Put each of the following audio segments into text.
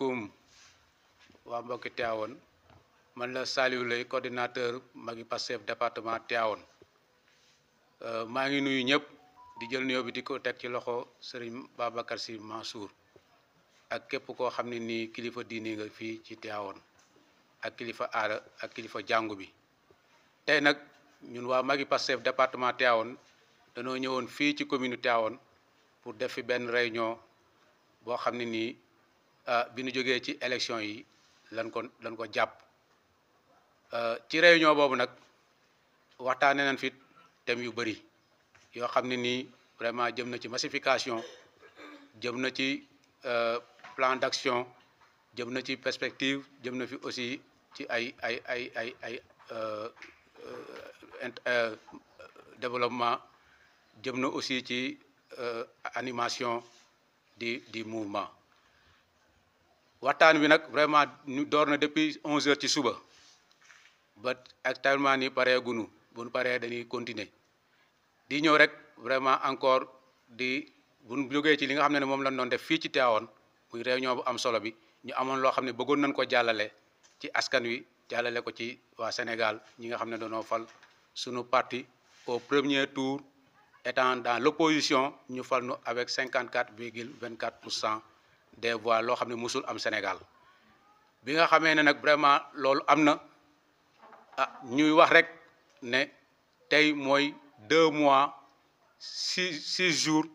asalaamaaleykum waa mbokki Tivaouane man la Saliou Leye coordinateur magi Pastef département Tivaouane euh, maa ngi nuyu ñëpp di jël nuyoo bi di ko teg ci loxo Serigne Babacar Sy Mansour ak képp koo xam ne nii kilifa diini nga fii ci Tivaouane ak kilifa aada ak kilifa jàngu bi tey nag ñun waa magi Pastef département Tivaouane dañoo ñëwoon fii ci commune Tivaouane pour def fi benn réunion boo xam ne nii Euh, bi ñu jógee ci élection yi lan ko lan ko jàpp euh, ci réunion boobu nag waxtaanee nañ fi thèmes yu bëri yoo xam ne nii vraiment jëm na ci massification jëm na ci euh, plan d'action jëm na ci perspective jëm na fi aussi ci ay ay ay ay ay développement jëm na aussi ci animation di di mouvement waxtaan bi vraiment ñu depuis 11 h ci suba ba actuellement nii paree gunu nous ñu paree dañuy continuer di rek vraiment encore di bu ñu jógee ci li nga xam ne moom lañ doon def fii ci nous muy réunion bu am solo bi ñu amoon loo xam ne bëggoon nañ ko ci askan wi Sénégal ñi nga xam ne dañoo fal parti au premier tour étant dans l'opposition ñu fal avec 54,24% des voix lo xamné musul am Sénégal bi nga xamee ne nag vraiment loolu amna ah, ñuy wax rek né tay moy deux mois six six jours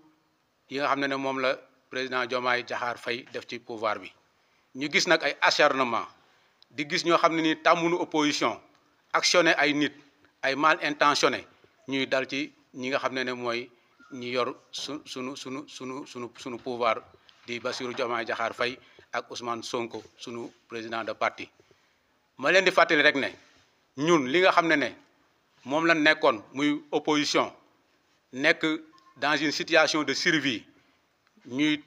yi nga xamné né mom la président jomay Jahar fay def ci pouvoir bi ñu gis nak ay acharnement di gis ño xamné ni tàmmunu opposition actionné ay nit ay mal intentionné ñuy dal ci ñi nga xamné né moy ñi yor sunu sunu sunu sunu sunu pouvoir di Bassirou Diomaye jaxaar fay ak Ousmane Sonko sunu président de partie ma leen di fàttali rek ne ñun li nga xam ne ne moom la nekkoon muy opposition nekk dans une situation de survie ñuy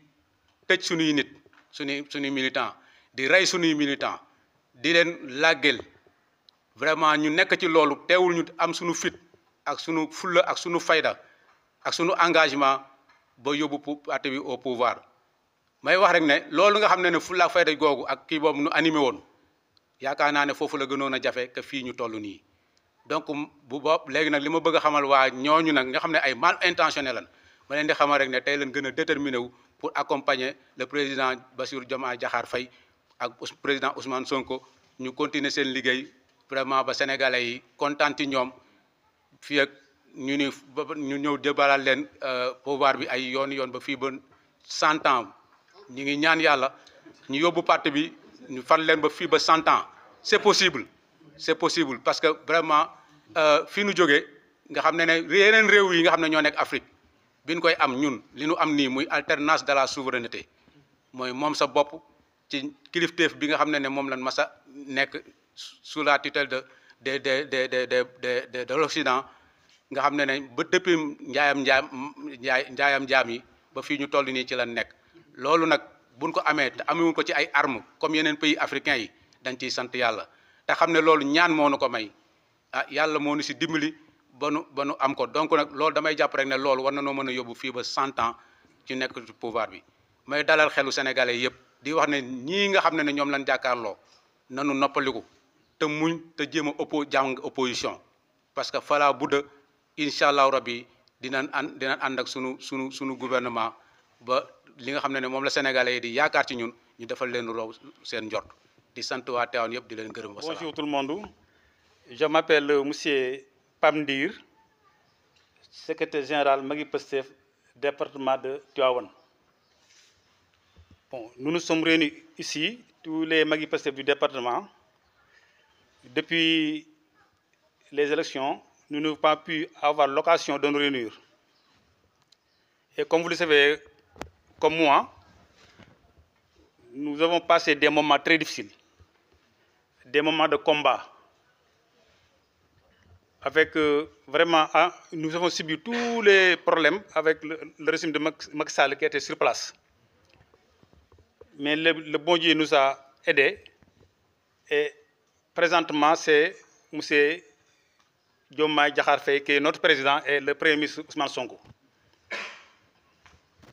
tëj suñuy nit suñuy suñuy militant di rey suñuy militant di leen làggeel vraiment ñu nekk ci loolu teewul ñu am suñu fit ak suñu fulla ak suñu fayda ak sunu engagement ba yóbbu parti bi au pouvoir may wax rek ne loolu nga xam ne ne fullaak fayda googu ak kii boobu nu animé woon yaakaar naa ne foofu la gënoon a jafe que fii ñu toll nii donc bu boob léegi nag li ma bëgg xamal waa ñooñu nag nga xam ne ay mal intentionnel lan ma leen di xamal rek ne tey leen gën a déterminé wu pour accompagner le président Bassirou Diomaye jaxaar Faye ak président Ousmane Sonko ñu continuer seen liggéey vraiment ba sénégalais yi kontaan ci ñoom fii ñu ni ñu ñëw débalal leen euh, pouvoir bi ay yoon yoon ba fii ba cent ans ñu ngi ñaan ñu bi ñu ans c'est possible c'est possible parce que vraiment fii nous jógee nga xam ne ne yeneen réew yi nga xam ne ñoo nekk Afrique bi koy am alternance de la souveraineté Nous avons sa bopp ci kilifteef bi nga xam ne sous la tutelle de de de de de de de de l'Occident nga xam ne ne ba depuis njaayam loolu nag bu buñ ko amee te amewuñ ko ci ay armes comme yeneen pays africains yi dañ ciy sant yàlla te xam ne loolu ñaan moo nu ko may ah yàlla moo nu si dimbali ba nu ba nu am ko donc nag loolu damay jàpp rek ne loolu war na noo mën a yóbbu fii ba cent ans ci nekk ci pouvoir bi may dalal xelu sénégalais yëpp di wax ne ñii nga xam ne ne ñoom lañ na nu noppaliku te muñ te jéem a oppo jàng opposition parce que fala budda incha allahu rabbi dinañ an dinañ ànd ak sunu sunu sunu gouvernement ba li nga mom la sénégalais yi di ci ñun ñu defal leen roo seen njort di bonjour tout le monde je m'appelle euh, monsieur Pamdir, secrétaire général Magui pestef département de Tivaouane bon nous nous sommes réunis ici tous les Magui pestef du département depuis les élections nous n'avons pas pu avoir l'occasion de nous réunir et comme vous le savez comme moi, nous avons passé des moments très difficiles, des moments de combat, avec euh, vraiment, ah, nous avons subi tous les problèmes avec le, régime de Maksal qui était sur place. Mais le, bon Dieu nous a aidés et présentement, c'est M. Diomaye Diakhar qui est notre président, et le premier ministre Ousmane Sonko.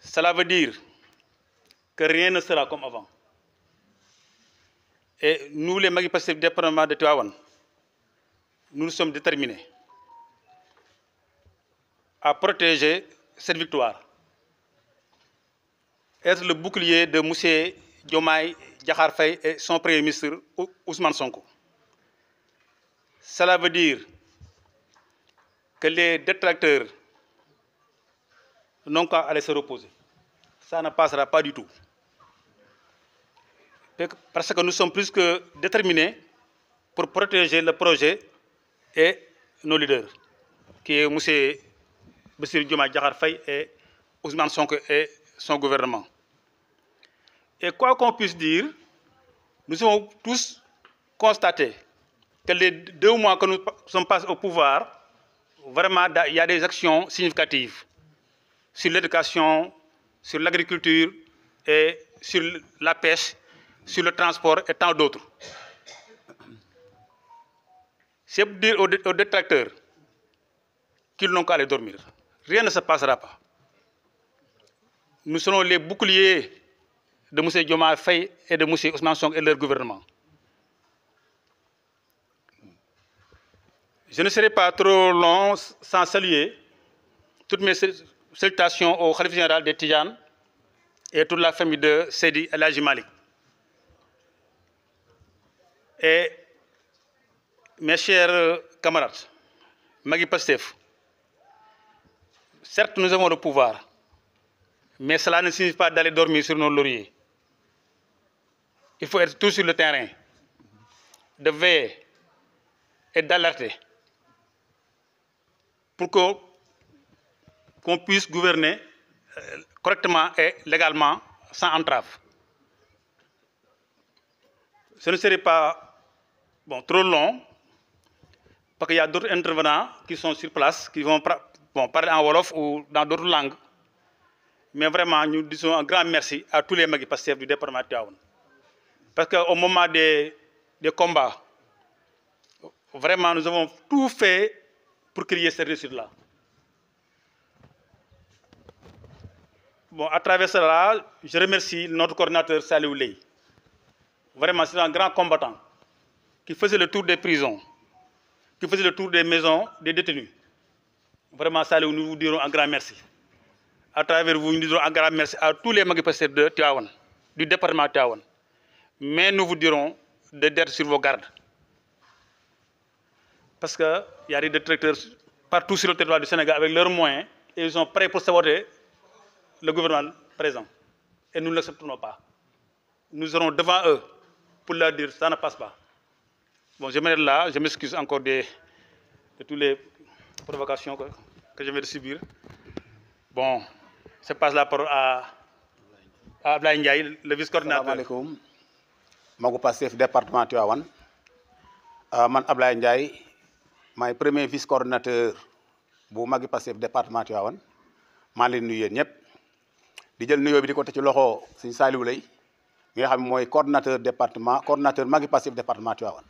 Cela veut dire que rien ne sera comme avant. Et nous, les magistrats du département de Tuawan, nous sommes déterminés à protéger cette victoire. Être le bouclier de M. Diomaye Diakhar et son premier ministre Ousmane Sonko. Cela veut dire que les détracteurs n'ont qu'à aller se reposer ça ne passera pas du tout. Parce que nous sommes plus que déterminés pour protéger le projet et nos leaders, qui est M. Bessir et Ousmane Sonko et son gouvernement. Et quoi qu'on puisse dire, nous avons tous constaté que les deux mois que nous sommes passés au pouvoir, vraiment, il y a des actions significatives sur l'éducation sur l'agriculture et sur la pêche, sur le transport et tant d'autres. C'est pour dire aux détracteurs qu'ils n'ont qu'à aller dormir. Rien ne se passera pas. Nous serons les boucliers de M. Dioma Faye et de M. Ousmane Song et leur gouvernement. Je ne serai pas trop long sans saluer toutes mes salutations au Khalif général de Tijan et à toute la famille de Sedi El Malik. Et mes chers euh, camarades, Magui Pastef, certes nous avons le pouvoir, mais cela ne signifie pas d'aller dormir sur nos lauriers. Il faut être tout sur le terrain, de veiller et d'alerter pour que qu'on puisse gouverner euh, correctement et légalement sans entrave. Ce ne serait pas bon, trop long, parce qu'il y a d'autres intervenants qui sont sur place, qui vont parler en Wolof ou dans d'autres langues. Mais vraiment, nous disons un grand merci à tous les passent du département de Taoun. Parce qu'au moment des, combats, vraiment, nous avons tout fait pour créer cette résultat là Bon, à travers cela, je remercie notre coordinateur Salou Ley. Vraiment, c'est un grand combattant qui faisait le tour des prisons, qui faisait le tour des maisons des détenus. Vraiment, Salou, nous vous dirons un grand merci. À travers vous, nous dirons un grand merci à tous les magasins de du département Tiawan. Mais nous vous dirons d'être sur vos gardes. Parce qu'il y a des tracteurs partout sur le territoire du Sénégal avec leurs moyens et ils sont prêts pour savoir le gouvernement présent. Et nous ne l'accepterons pas. Nous serons devant eux pour leur dire ça ne passe pas. Bon, je m'arrête là. Je m'excuse encore de, de toutes les provocations que, que je vais subir. Bon, je passe la parole à, à Ablaï Ndiaye, le vice-coordinateur. Assalamu alaikum. Je suis département Tuawan. Euh, je suis Ablaï Ndiaye, mon premier vice-coordinateur bu département Pastef département Tivaouane maa leen nuyu yéen di jël nuyoo bi di ko te ci loxo sëñ Saliou Lay mi nga xam mooy coordonnateur département coordonnateur magi passif département Tivaouane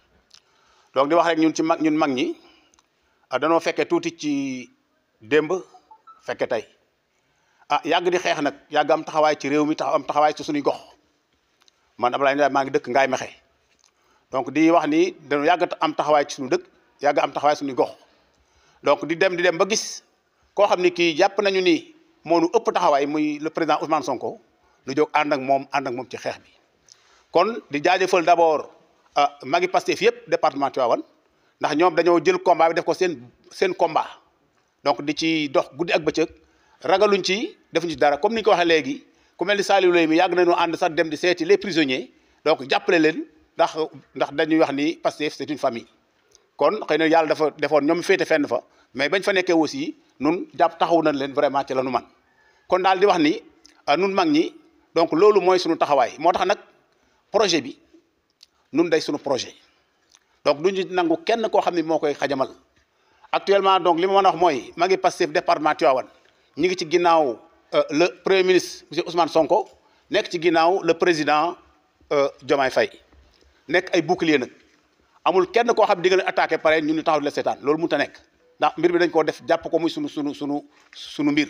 donc di wax rek ñun ci mag ñun mag ñi ah, danoo fekkee tuuti ci démb fekke tey ah yàgg di xeex nag yàgg am taxawaay ci réew mi tax taxawaay ci suñuy gox man Abdoulaye Ndiaye maa ngi dëkk Ngaye Mekhe donc di wax ni dañu yàgg am taxawaay ci suñu dëkk yàgg am taxawaay suñu gox donc di dem di dem ba gis koo xam ni kii jàpp nañu nii moo nu taxaway taxawaay muy le président Ousmane Sonko lu jog and ak mom and ak mom ci xex bi kon di jaajëfal d'abord abord euh, maa ngi Pastef yëpp département Tivaouane ndax ñom dañu jël combat bi def ko sen sen combat donc di ci dox guddi ak bëccëg ragaluñ ci defuñ ci dara comme ni ko waxee léegi ku mel ni Saliou Leye mi yàgg nañu and sax dem di séti les prisonniers donc jappelé len ndax ndax dañuy wax ni Pastef c'est une famille kon xeyna yalla dafa defoon ñom fété fenn fa mais bañ fa nekkee aussi nun japp taxaw nañ len vraiment ci lañu nu man kon dal di wax ni euh, nun mag ñi donc lolu moy suñu taxaway motax nak projet bi nun day suñu projet donc duñu nangu kenn ko xamni ne koy xajamal actuellement donc li wax moy magi ngi département Tivaouane ñu ngi ci ginnaw euh, le premier ministre monsieur Ousmane Sonko nek ci ginnaw le président euh, Diomaye Faye nek ay bouclier nak amul kenn ko xam di nga attaquer attaqué pare ñun ñu taxaw le la lolu mu ta nek ndax mbir bi dañ ko def japp ko muy sunu sunu sunu sunu mbir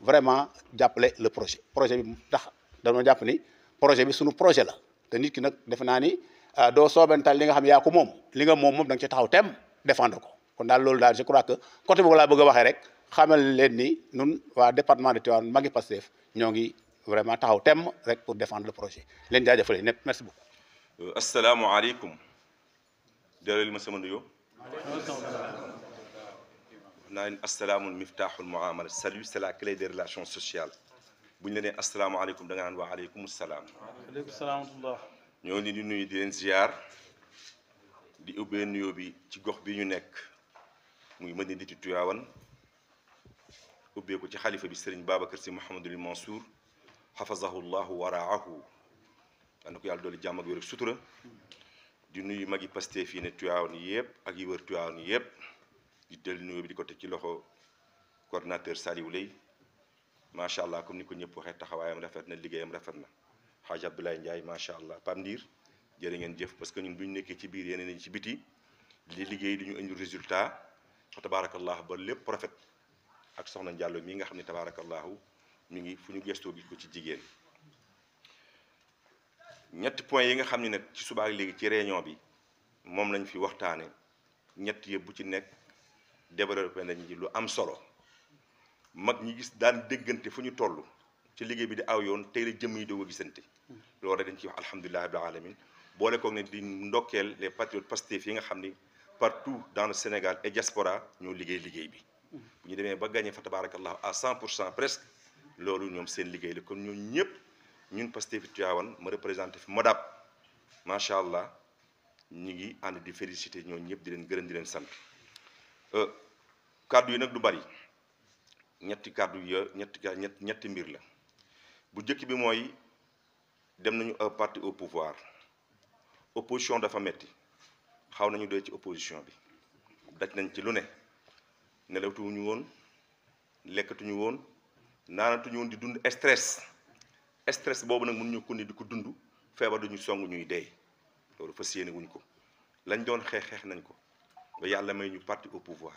vraiment jàppale le projet projet bi tax dañu jàpp ni projet bi sunu projet la te nit ki nag defe naa ni ah, do soobental li nga xam ya ko mom li nga mom mom da nga ci taxaw tem défendre ko kon dal loolu dal je crois que côté boobu laa bëgg waxé rek xamal leen ni ñun wa département de Tivaouane maa ngi Pastef ñoo vraiment taxaw tem rek pour défendre le projet leen jaajëfale ñëpp merci beaucoup. Euh, assalamu alaykum jërëjëf ma sama nuyoo. on a une asalaamu miftaaxul muamala salut c'est la clé des relations sociales bu ñu la nee asalaamaaleykum da nga naan waa aleykum salaam. waaleykum salaam wa rahmatulah. ñoo ngi di nuyu di leen ziar di ubbee nuyoo bi ci gox bi ñu nekk muy Madinatu Tiwaawan ubbee ko ci xalifa bi Serigne Babacar Sy Mouhamadul Mansour xafazahu llahu waraahu yal na ko yàlla dooli jàmm ak wér ak sutura di nuyu magi Pastef yi ne Tiwaawan yëpp ak yi wër Tiwaawan yëpp. di dellu nuyoo bi di ko teg ci loxo coordonnateur Saliou Leye macha allah comme ni ko ñëpp waxee taxawaayam rafet na liggéeyam rafet na Hadj Abdoulaye Ndiaye macha allah Pam Ndiir jër ngeen jëf parce que ñun bu ñu nekkee ci biir yeneen ñi ci biti li liggéey di ñu indi résultat fa tabaarakallah ba lépp rafet ak soxna Diallo mii nga xam ne tabaarakallahu mi ngi fu ñu gëstoo gis ko ci jigéen ñett point yi nga xam ne nag ci subaa léegi ci réunion bi moom lañ fi waxtaane ñett yëpp bu ci nekk. développé nañ ji lu am solo mag ñi gis daan déggante fu ñu toll ci liggéey bi di aw yoon tey la jëm yi doog gisante loolu rek dañ ci wax alhamdulilah rabbil alamin boole koog ne di ndokkeel les patriotes Pastef fii nga xam ni partout dans le Sénégal et diaspora ñoo liggéey liggéey bi bu ñu demee ba gagné fa tabarakallahu à 100 pour cent presque loolu ñoom seen liggéey la kon ñoo ñëpp ñun Pastef Tivaouane ma représenté fi Modab macha allah ñu ngi ànd di félicité ñoo ñëpp di leen gërëm di leen sant euh, kàddu yi nag du bari ñetti kàddu ya ñetti ñetti mbir la bu njëkk bi mooy dem nañu un parti au pouvoir opposition dafa metti xaw nañu doy ci opposition bi daj nañ ci lu ne nelawtuñu woon lekkatuñu woon naanatuñu woon di dund stress stress boobu nag mënuñu ko ni di ko dund feebar ñu song ñuy dee loolu fas yéene wuñ ko lañ doon xeex xeex nañ ko ba yàlla may ñu parti au pouvoir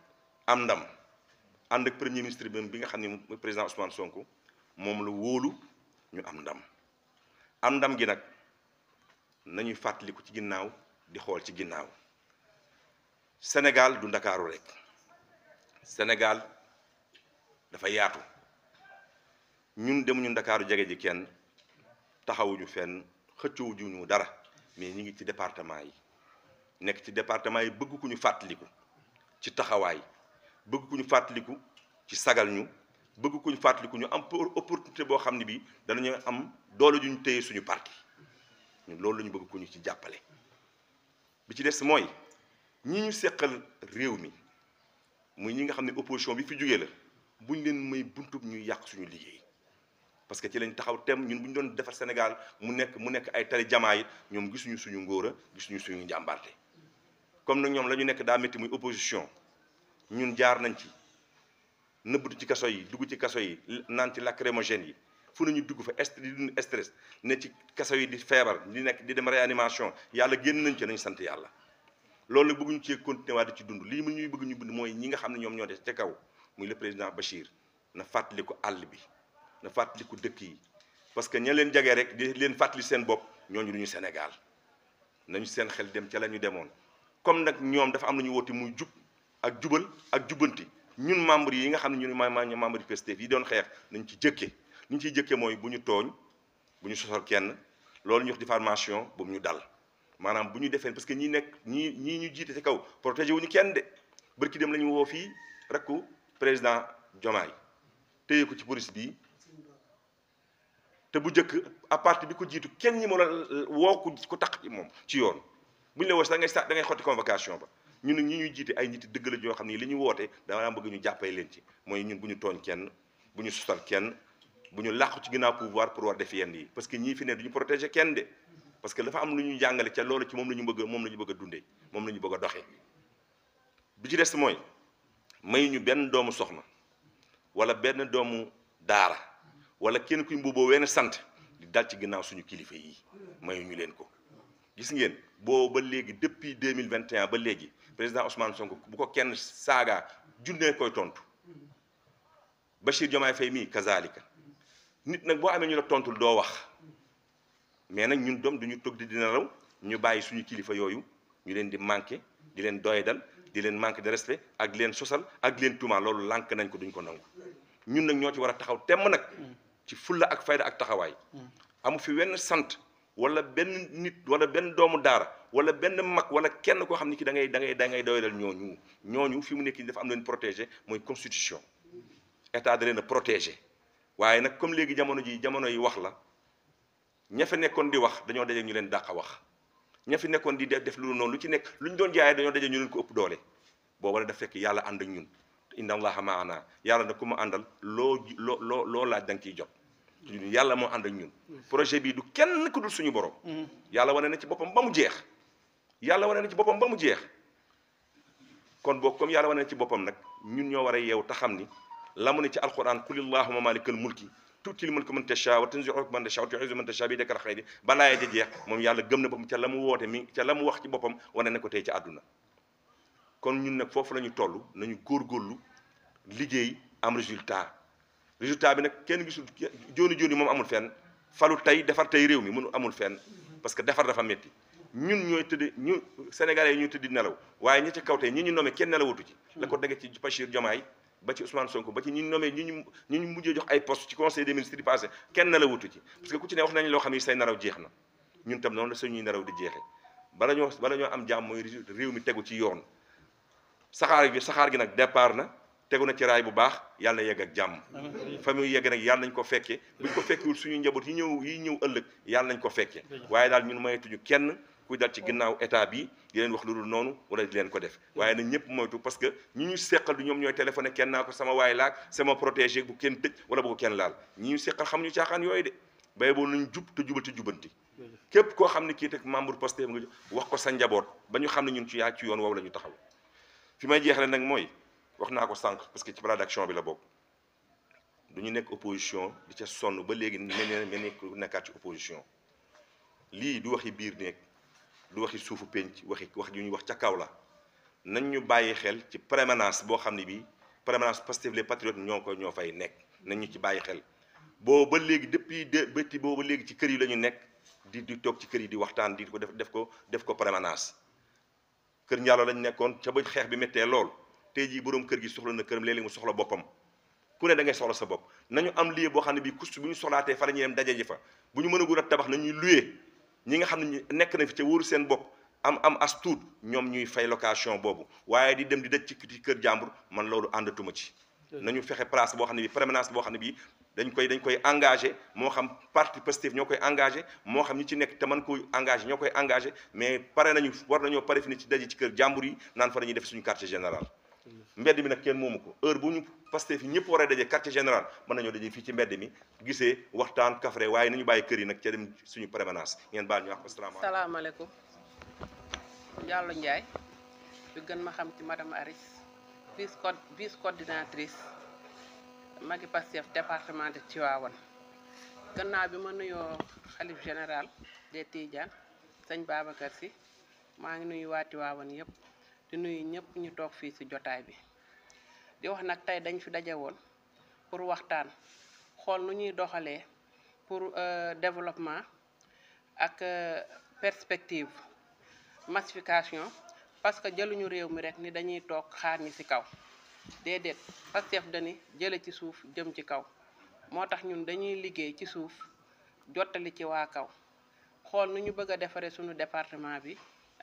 am ndam ànd ak premier ministre bi nga xam ne président Ousmane Sonko moom la wóolu ñu am ndam am ndam gi nag nañuy fàttaliku ci ginnaaw di xool ci ginnaaw Sénégal du ndakaaru rek Sénégal dafa yaatu ñun demuñu ndakaaru jege ji kenn taxawuñu fenn xëccowuñu ñu dara mais ñu ngi ci département yi nekk ci département yi bëgg ku ñu fàttaliku ci taxawaay bëgg ku ñu fàttaliku ci sagal ñu bëgg ku ñu fàttaliku ñu am opportunité boo xam ne bii danañu am doole ju ñu téye suñu parti ñun loolu la ñu bëgg ku ñu ci jàppale. bi ci des mooy ñi ñu seqal réew mi muy ñi nga xam ne opposition bi fi jógee la buñ leen may buntub ñu yàq suñu liggéey parce que ci lañ taxaw tem ñun buñ doon defar Sénégal mu nekk mu nekk ay tali jamaa yi ñoom gisuñu suñu ngóora gisuñu suñu njàmbaarte comme nag ñoom la ñu nekk daa métti muy opposition. ñun jaar nañ ci nëbbatu ci kaso yi dugg ci kaso yi naan ci lacrymogène yi fu nañu dugg fa est di dund stress ne ci kaso yi di feebar di nekk di dem animation yàlla génn nañ ci nañ sant yàlla loolu bëgg ñu cee continuer waat di ci dund lii mu ñuy bëgg ñu bund mooy ñi nga xam ne ñoom ñoo des ca kaw muy le président Bachir na fàttaliku àll bi na fàttaliku dëkk yi parce que ña leen jagee rek di leen fàttali seen bopp ñooñu du ñu Sénégal nañu seen xel dem ca la ñu demoon comme nag ñoom dafa am lu ñu muy jub ak jubal ak jubbanti ñun membres yi nga xam ne ñun ma ma membre Pastef yi doon xeex nañ ci jëkkee li ñu ciy jëkkee mooy bu ñu tooñ bu ñu sosal kenn loolu ñu wax diffamation bu mu ñu dal maanaam bu ñu defee parce que ñi nekk ñi ñii ñu jiite ci kaw protégé wuñu kenn de bërki dem la ñu woo fii rakku président Diomaye téye ko ci police bi te bu njëkk à partir bi ko jiitu kenn ñi ma la woo ku ko taq ci moom ci yoon bu ñu la woo sax da ngay da ngay xotti convocation ba ñun nag ñi ñuy jiite ay njiiti dëgg la ñoo xam ne li ñu woote dama bëgg ñu jàppale leen ci mooy ñun bu ñu tooñ kenn bu ñu sosal kenn bu ñu làqu ci ginnaaw pouvoir pour war def yenn yi parce que ñii fi ne du ñu protéger kenn de parce que dafa am lu ñu jàngale ca loolu ci moom la ñu bëgg moom la ñu bëgg a dundee moom la ñu bëgg a doxee bi ci des mooy may ñu benn doomu soxna wala benn doomu daara wala kenn kuy mbubboo wenn sant di dal ci ginnaaw suñu kilifa yi mayu leen ko gis ngeen boo ba léegi depuis 2021 ba léegi président Ousmane Sonko bu ko kenn saaga junnee koy tontu Bachir Diomaye fay mii kazalika nit nag boo amee ñu la tontul doo wax mais nag ñun doom duñu toog di dina raw ñu bàyyi suñu kilifa yooyu ñu leen di manqué di leen doyadal di leen manqué de respect ak leen sosal ak di leen tuuma loolu lànk nañ ko duñ ko nangu ñun nag ñoo ci war a taxaw temm nag ci fulla ak fayda ak taxawaay mm. amu fi wenn sant wala benn nit wala benn doomu daara wala benn mag wala kenn koo xam ne ki da ngay da ngay da ngay doyalal ñooñu ñooñu fi mu nekk nii dafa am leen protégé mooy constitution état da leen a protéger waaye nag comme léegi jamono ji jamono yi wax la ña fa nekkoon di wax dañoo daje ñu leen dàq a wax ña fi nekkoon di def lu noonu lu ci nekk lu ñu doon jaayee dañoo daje ñu leen ko ëpp doole booba la da fekk yàlla ànd ak ñun inna allaha maana yàlla na ku ma àndal loo loo loo laaj da nga jot. yàlla moo ànd ak ñun projet bii du kenn ku dul suñu boro yàlla wane na ci boppam ba mu jeex yàlla wane na ci boppam ba mu jeex kon boo kom yàlla wane na ci boppam nag ñun ñoo war a yeew te xam ni la mu ne ci alquran qul illahuma malikal mulki tuutil mulka man tasha wa tanzi'u mulka man tasha wa tu'izzu man tasha bi dakar xëy ba laaya ja jeex moom yàlla gëm na boppam ca la mu woote mi ca la mu wax ci boppam wane na ko tey ci àdduna ñun nag foofu la toll nañu góorgóorlu liggéey am résultat bi nag kenn gisul jooni jooni moom amul fenn falu tey defar tey réew mi mënu amul fenn parce que defar dafa metti ñun ñooy tëdd ñu sénégalais yi ñu tëdd nelaw waaye ñi ci kaw tey ñi ñu nommé kenn nelawatu ci la ko dege ci Bachir Diomaye ba ci Ousmane Sonko ba ci ñu nommé ñu ñi ñu mujjee jox ay poste ci conseil des ministres yi passé kenn nelawatu ci parce que ku ci ne wax nañ loo xam ne say naraw jeex na ñun tam noonu la suñuy naraw di jeexee bala ñoo bala ñoo am jàmm mooy réew mi tegu ci yoon saxaar gi saxaar gi nag départ na tegu na ci raay bu baax yàlla yegg ak jàmm famille yegg nag yàlla nañ ko fekke buñ ko fekkewul suñu njaboot yi ñëw yi ñëw ëllëg yàlla nañ ko fekke waaye daal ñun moyetuñu kenn ku dal ci ginnaaw état bi di wax lu dul noonu wala di leen ko def waaye nag ñëpp moytu parce que ñu ñu seqal du ñoom ñooy téléphoné kenn naa ko sama waay laak sama protégé bu kenn tëj wala bu kenn laal ñi ñu seqal xam ñu caaxaan yooyu de bay boo nañ jub te jubal te jubanti képp koo xam ne kii teg membre Pastef nga wax ko sa njaboot ba ñu xam ne ñun ci yaa ci yoon woowu la ñu taxaw fi may jeexale nag mooy wax ko parce que ci plan bi la Nous sommes opposition nous sommes en ba opposition du waxi du waxi permanence les patriotes ñoko ont ñoo fay ci xel depuis de bëtti ba légui ci kër yi lañu nek di di tok ci kër yi di waxtaan di ko def ko def ko permanence kër lañu nekkon ca tey jii boroom kër gi soxla na këram léeg-léeg mu soxla boppam ku ne da ngay soxla sa bopp nañu am lieu boo xam ne bii kus bu ñu soxlaatee fa la ñuy dem daje bu ñu mën a guur a tabax ñi nga xam ne nekk na fi ca wóoru seen bopp am am as ñoom ñuy fay location boobu waaye di dem di daj ci kër jàmbur man loolu àndatuma ci nañu fexe place boo xam ne bi permanence boo xam ne bii dañ koy dañ koy engagé moo xam parti Pastef ñoo koy engagé moo xam ñi ci nekk te man koy engagé ñoo koy engagé mais pare nañu war nañoo pare fi ni ci daje ci kër jàmbur yi naan fa ñu def suñu quartier général mbedd mi nak kenn momuko heure buñu pasté fi ñepp war dajé quartier général mën nañu dajé fi ci mbedd mi gisé waxtaan kafré waaye nañu bayyi kër yi nak ci dem suñu permanence ñen baal ñu wax assalamu asalaamaaleykum salaamaaleykum Diallo Ndiaye ñu gën ma xam ci madame Aris vice co vice coordinatrice magi Pastef département de tiwawon ganna bi ma nuyo khalif général des Tidiane seigne Babacar si ma ngi nuyu waa Tivaouane yépp di nuyu ñëpp ñu toog fii ci jotaay bi di wax nag tey dañ fi daje woon pour waxtaan xool nu ñuy doxalee pour euh, développement ak euh, perspective massification parce que jëluñu réew mi rek ni dañuy toog xaar ñi ci kaw déedéet Pastef dani jële ci suuf jëm ci kaw moo tax ñun dañuy liggéey ci suuf jottali ci waa kaw xool nu ñu bëgg a defaree suñu département bi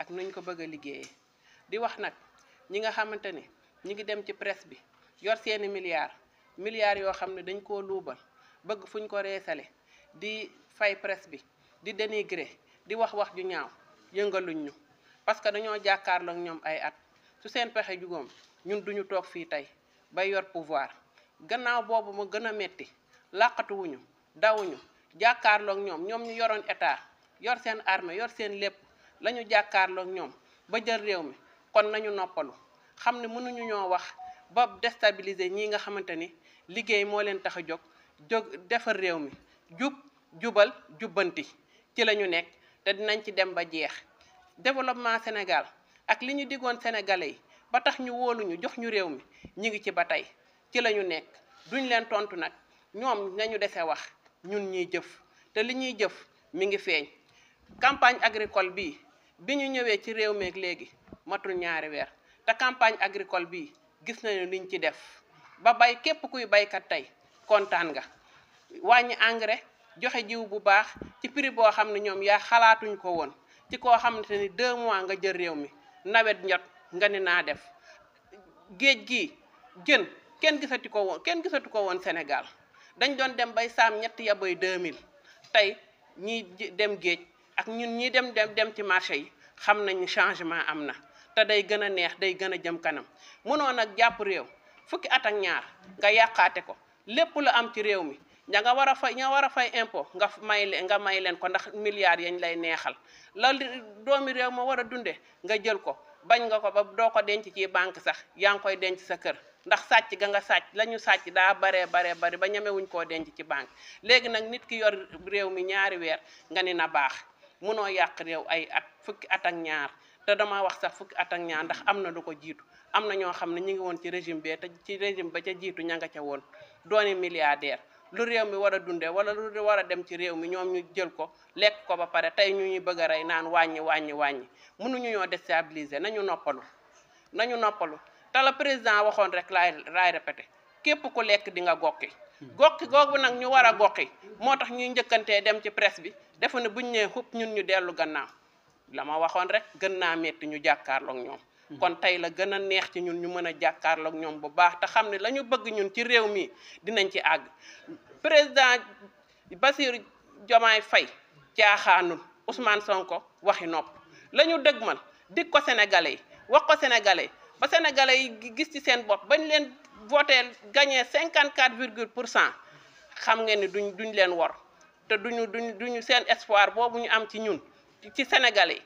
ak nu ñu ko bëgg a liggéeyee di wax nak ñi nga xamante ñi ngi dem ci presse bi yor seen milliard milliard yo xamne dañ ko loubal bëgg fuñ ko réssalé di fay presse bi di dénigré di wax wax ju ñaaw yëngaluñ ñu parce que dañoo jàkkaarloo ak ñom ay at su seen pexe jugoom ñun duñu tok fi tay ba yor pouvoir gannaaw bobu mo gëna metti metti wuñu dawuñu jàkkaarloo ak ñom ñom ñu yoron état yor seen armée yor seen lépp lañu jàkkaarloo ak ñom ba jël réew mi kon nañu noppalu xam ne mënuñu ñoo wax ba déstabiliser ñii nga xamante ni liggéey moo leen tax a jóg jóg defar réew mi jub jubal jubbanti ci la ñu nekk te dinañ ci dem ba jeex développement Sénégal ak li ñu diggoon sénégalais yi ba tax ñu wóoluñu jox ñu réew mi ñu ngi ci ba tey ci la ñu nekk duñ leen tontu nag ñoom nañu dese wax ñun ñuy jëf te li ñuy jëf mi ngi feeñ campagne agricole bii bi ñu ñëwee ci réew meeg léegi matul ñaari weer te campagne agricole bi gis nañu liñ ci def ba bay képp kuy baykat tey kontaan nga wàññi engrais joxe jiw bu baax ci prix boo xam ne ñoom yaa xalaatuñ ko woon ci koo xamante ni deux mois nga jël réew mi nawet njot nga ni naa def géej gi jën kenn gisati ko woon kenn gisatu ko woon Sénégal dañ doon dem bay saam ñetti yaboy 2000 tey ñiy dem géej ak ñun ñi dem dem dem ci marché yi xam nañu changement am na te day gën a neex day gën a jëm kanam mënoo nag jàpp réew fukki at ak ñaar nga yàqaate ko lépp lu am ci réew mi ña war a fay ña war a fay impôt nga may nga may leen ko ndax milliards yañ lay neexal la doomi réew ma war a dunde nga jël ko bañ nga ko ba doo ko denc ci banque sax yaa ngi koy denc sa kër ndax sàcc ga nga sàcc la ñu sàcc daa baree baree bari ba ñemewuñ koo denc ci banque léegi nag nit ki yor réew mi ñaari weer nga ni na baax munoo yàq réew ay at fukki at ak ñaar te damaa wax sax fukki at ak ñaar ndax am na lu ko jiitu am na ñoo xam ne ñu ngi woon ci régime bee te ci régime ba ca jiitu ña nga ca woon doone milliardaire lu réew mi war a dundee wala lu war a dem ci réew mi ñoom ñu jël ko lekk ko ba pare tey ñu ñuy bëgg a rey naan wàññi wàññi wàññi mënuñu ñoo déstabiliser nañu noppalu nañu noppalu te la président waxoon rek laay laay répété képp ku lekk di nga gokki gokki googu nag ñu war a gokki moo tax ñuy njëkkantee dem ci presse bi defe ne buñ nee xub ñun ñu dellu gannaaw la ma waxoon rek gën naa metti ñu jàkkaarloog ñoom. Hmm. kon tey la gën a neex ci ñun ñu mën a jàkkaarlook ñoom bu baax te xam ne la ñu bëgg ñun ci réew mi dinañ ci àgg président Bassirou Diomaye Faye caaxaanul Ousmane Sonko waxi nopp la ñu dëgmal dig ko sénégalais yi wax ko sénégalais ba sénégalais yi gis ci seen bopp bañ leen voté cinquante 54 virgule pour cent xam nga ni duñ duñ leen wor te duñu duñ duñu seen espoir boobu ñu am ci ñun. ci Sénégal yi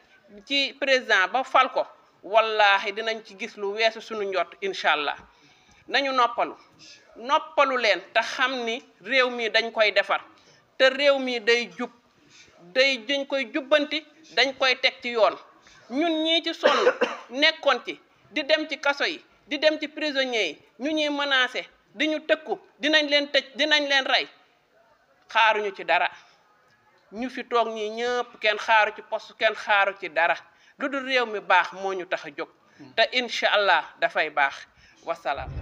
ci président ba fal ko wallaahi dinañ ci gis lu weesu suñu njot incha allah nañu noppalu noppalu leen te xam ni réew mi dañ koy defar te réew mi day jub day dañ koy jubbanti dañ koy teg ci yoon ñun ñii ci sonn nekkoon ci di dem ci kaso yi di dem ci prisonniers yi ñu ñuy menacé di ñu tëkku dinañ leen tëj dinañ leen rey xaaruñu ci dara ñu fi toog ñi ñëpp kenn xaaru ci poste kenn xaaru ci dara lu dul réew mi baax moo ñu tax a jóg hmm. te incha allah dafay baax wasalaam